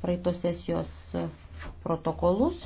praeitos sesijos protokolus